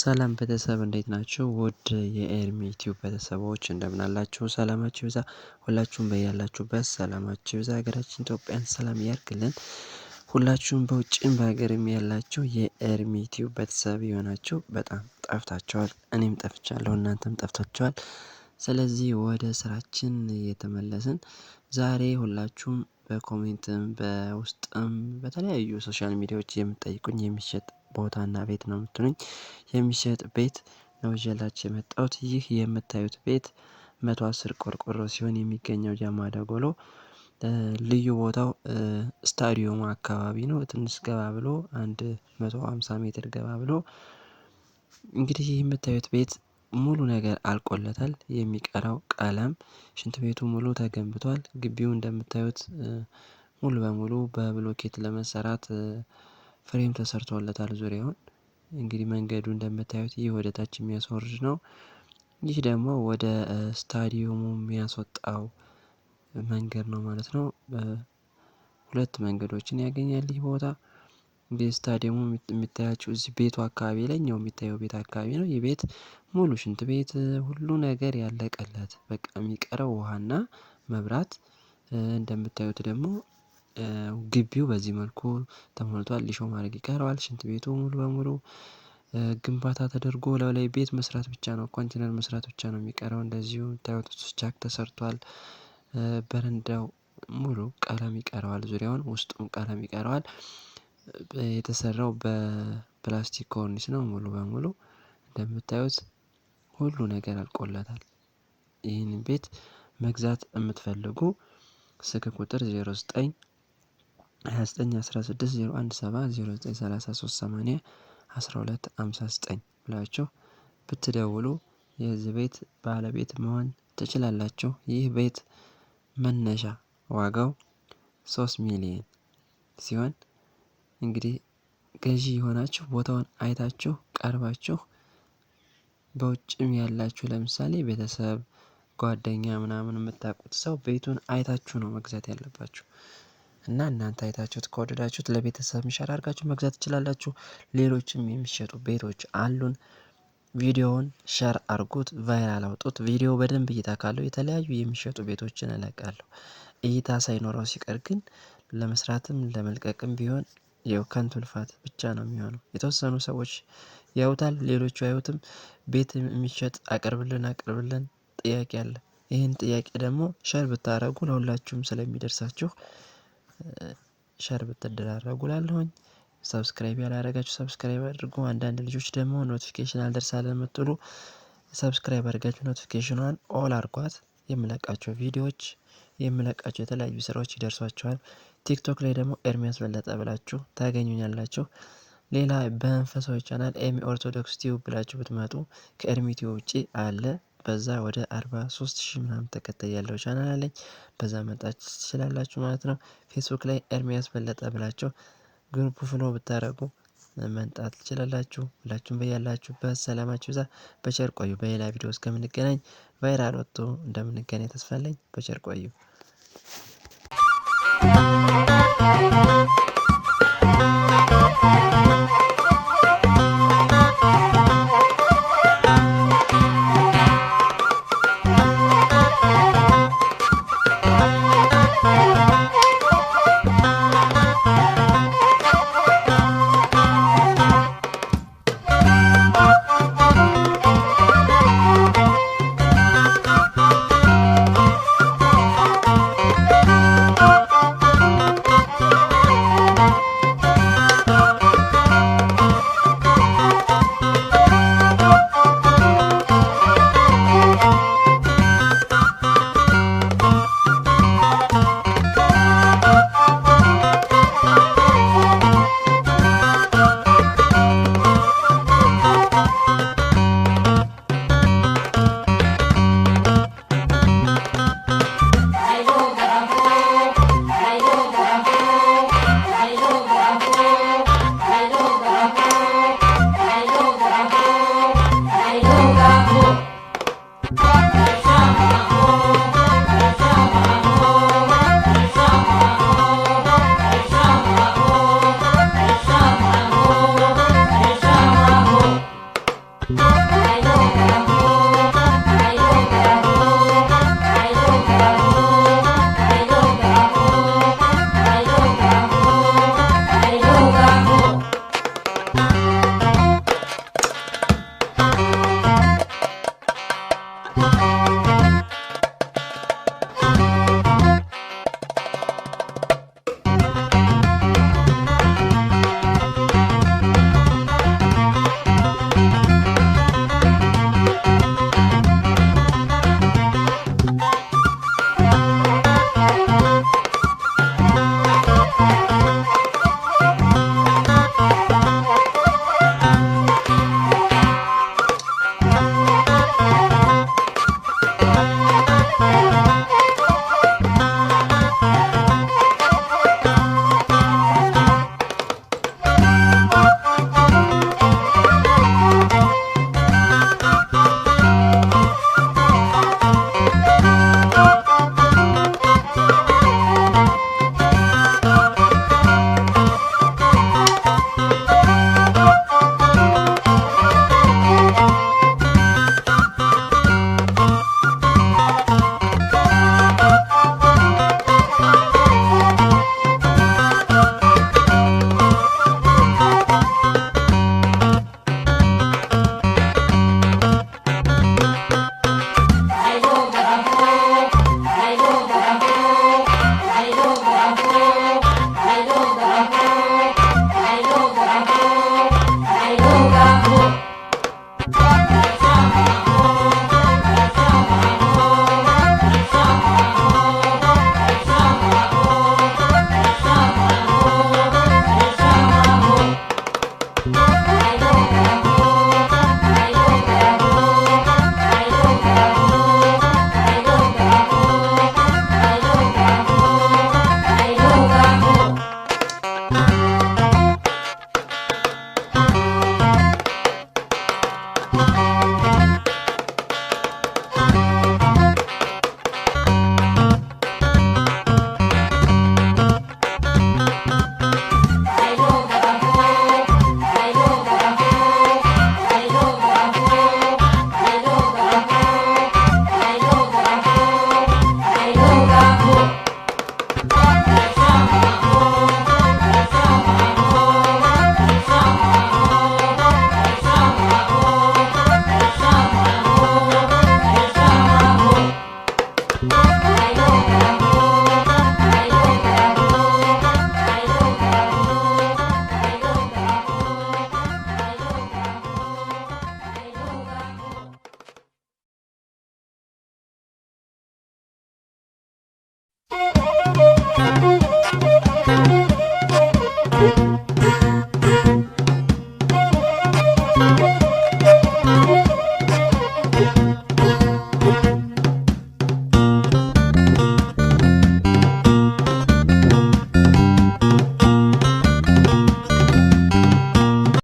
ሰላም ቤተሰብ እንዴት ናችሁ? ውድ የኤርሚ ዩቲዩብ ቤተሰቦች እንደምን አላችሁ? ሰላማችሁ ይብዛ። ሁላችሁም በያላችሁበት ሰላማችሁ ይብዛ። ሀገራችን ኢትዮጵያን ሰላም ያርግልን። ሁላችሁም በውጭም በሀገርም ያላችሁ የኤርሚ ዩቲዩብ ቤተሰብ የሆናችሁ በጣም ጠፍታችኋል። እኔም ጠፍቻለሁ፣ እናንተም ጠፍታችኋል። ስለዚህ ወደ ስራችን እየተመለስን ዛሬ ሁላችሁም በኮሜንትም በውስጥም በተለያዩ ሶሻል ሚዲያዎች የምጠይቁኝ የሚሸጥ ቦታና ቤት ነው የምትሉኝ የሚሸጥ ቤት ነው ይዤላችሁ የመጣሁት ይህ የምታዩት ቤት መቶ አስር ቆርቆሮ ሲሆን የሚገኘው ጃማ ደጎሎ ልዩ ቦታው ስታዲየሙ አካባቢ ነው። ትንሽ ገባ ብሎ አንድ መቶ ሀምሳ ሜትር ገባ ብሎ እንግዲህ ይህ የምታዩት ቤት ሙሉ ነገር አልቆለታል። የሚቀረው ቀለም፣ ሽንት ቤቱ ሙሉ ተገንብቷል። ግቢው እንደምታዩት ሙሉ በሙሉ በብሎኬት ለመሰራት ፍሬም ተሰርቶለታል ዙሪያውን። እንግዲህ መንገዱ እንደምታዩት ይህ ወደ ታች የሚያስወርድ ነው። ይህ ደግሞ ወደ ስታዲየሙ የሚያስወጣው መንገድ ነው ማለት ነው። ሁለት መንገዶችን ያገኛል ይህ ቦታ። እንግዲህ ስታዲየሙ የሚታያቸው እዚህ ቤቱ አካባቢ ላይኛው የሚታየው ቤት አካባቢ ነው። ይህ ቤት ሙሉ ሽንት ቤት ሁሉ ነገር ያለቀለት በቃ የሚቀረው ውሃና መብራት እንደምታዩት ደግሞ ግቢው በዚህ መልኩ ተሞልቷል ሊሾ ማድረግ ይቀረዋል ሽንት ቤቱ ሙሉ በሙሉ ግንባታ ተደርጎ ለላይ ቤት መስራት ብቻ ነው ኮንቲነር መስራት ብቻ ነው የሚቀረው እንደዚሁ ታዩት ጃክ ተሰርቷል። በረንዳው ሙሉ ቀለም ይቀረዋል ዙሪያውን ውስጡም ቀለም ይቀረዋል። የተሰራው በፕላስቲክ ኮርኒስ ነው ሙሉ በሙሉ እንደምታዩት ሁሉ ነገር አልቆለታል። ይህን ቤት መግዛት የምትፈልጉ ስልክ ቁጥር ዜሮ ዘጠኝ 2916017093388 ብላችሁ ብትደውሉ የዚህ ቤት ባለቤት መሆን ትችላላችሁ። ይህ ቤት መነሻ ዋጋው 3 ሚሊዮን ሲሆን እንግዲህ ገዢ የሆናችሁ ቦታውን አይታችሁ ቀርባችሁ በውጭም ያላችሁ ለምሳሌ ቤተሰብ፣ ጓደኛ ምናምን የምታውቁት ሰው ቤቱን አይታችሁ ነው መግዛት ያለባችሁ። እና እናንተ አይታችሁት ከወደዳችሁት ለቤተሰብ ሸር አድርጋችሁ መግዛት ትችላላችሁ። ሌሎችም የሚሸጡ ቤቶች አሉን። ቪዲዮውን ሸር አድርጉት፣ ቫይራል አውጡት። ቪዲዮ በደንብ እይታ ካለው የተለያዩ የሚሸጡ ቤቶችን እለቃለሁ። እይታ ሳይኖረው ሲቀር ግን ለመስራትም ለመልቀቅም ቢሆን ያው ከንቱ ልፋት ብቻ ነው የሚሆነው። የተወሰኑ ሰዎች ያዩታል፣ ሌሎቹ አዩትም ቤት የሚሸጥ አቅርብልን አቅርብልን ጥያቄ አለ። ይህን ጥያቄ ደግሞ ሸር ብታረጉ ለሁላችሁም ስለሚደርሳችሁ ሸር ብትደራረጉ እላለሁኝ። ሰብስክራይብ ያላረጋችሁ ሰብስክራይብ አድርጉ። አንዳንድ ልጆች ደግሞ ኖቲፊኬሽን አልደርሳለን የምትሉ ሰብስክራይብ አድርጋችሁ ኖቲፊኬሽኗን ኦል አርጓት። የምለቃቸው ቪዲዮዎች የምለቃቸው የተለያዩ ስራዎች ይደርሷቸዋል ቲክቶክ ላይ ደግሞ ኤርሚያስ በለጠ ብላችሁ ታገኙኛላችሁ። ሌላ በመንፈሳዊ ቻናል ኤሚ ኦርቶዶክስ ቲዩብ ብላችሁ ብትመጡ ከኤርሚ ቲዩብ ውጪ አለ በዛ ወደ አርባ ሶስት ሺህ ምናምን ተከታይ ያለው ቻናል አለኝ። በዛ መጣች ትችላላችሁ ማለት ነው። ፌስቡክ ላይ ኤርሚያስ በለጠ ብላችሁ ግሩፕ ፍሎ ብታረጉ መንጣት ትችላላችሁ። ሁላችሁም በያላችሁበት ሰላማችሁ ይብዛ። በቸር ቆዩ። በሌላ ቪዲዮ እስከምንገናኝ ቫይራል ወጥቶ እንደምንገናኝ ተስፋለኝ በቸር ቆዩ። longa Bye.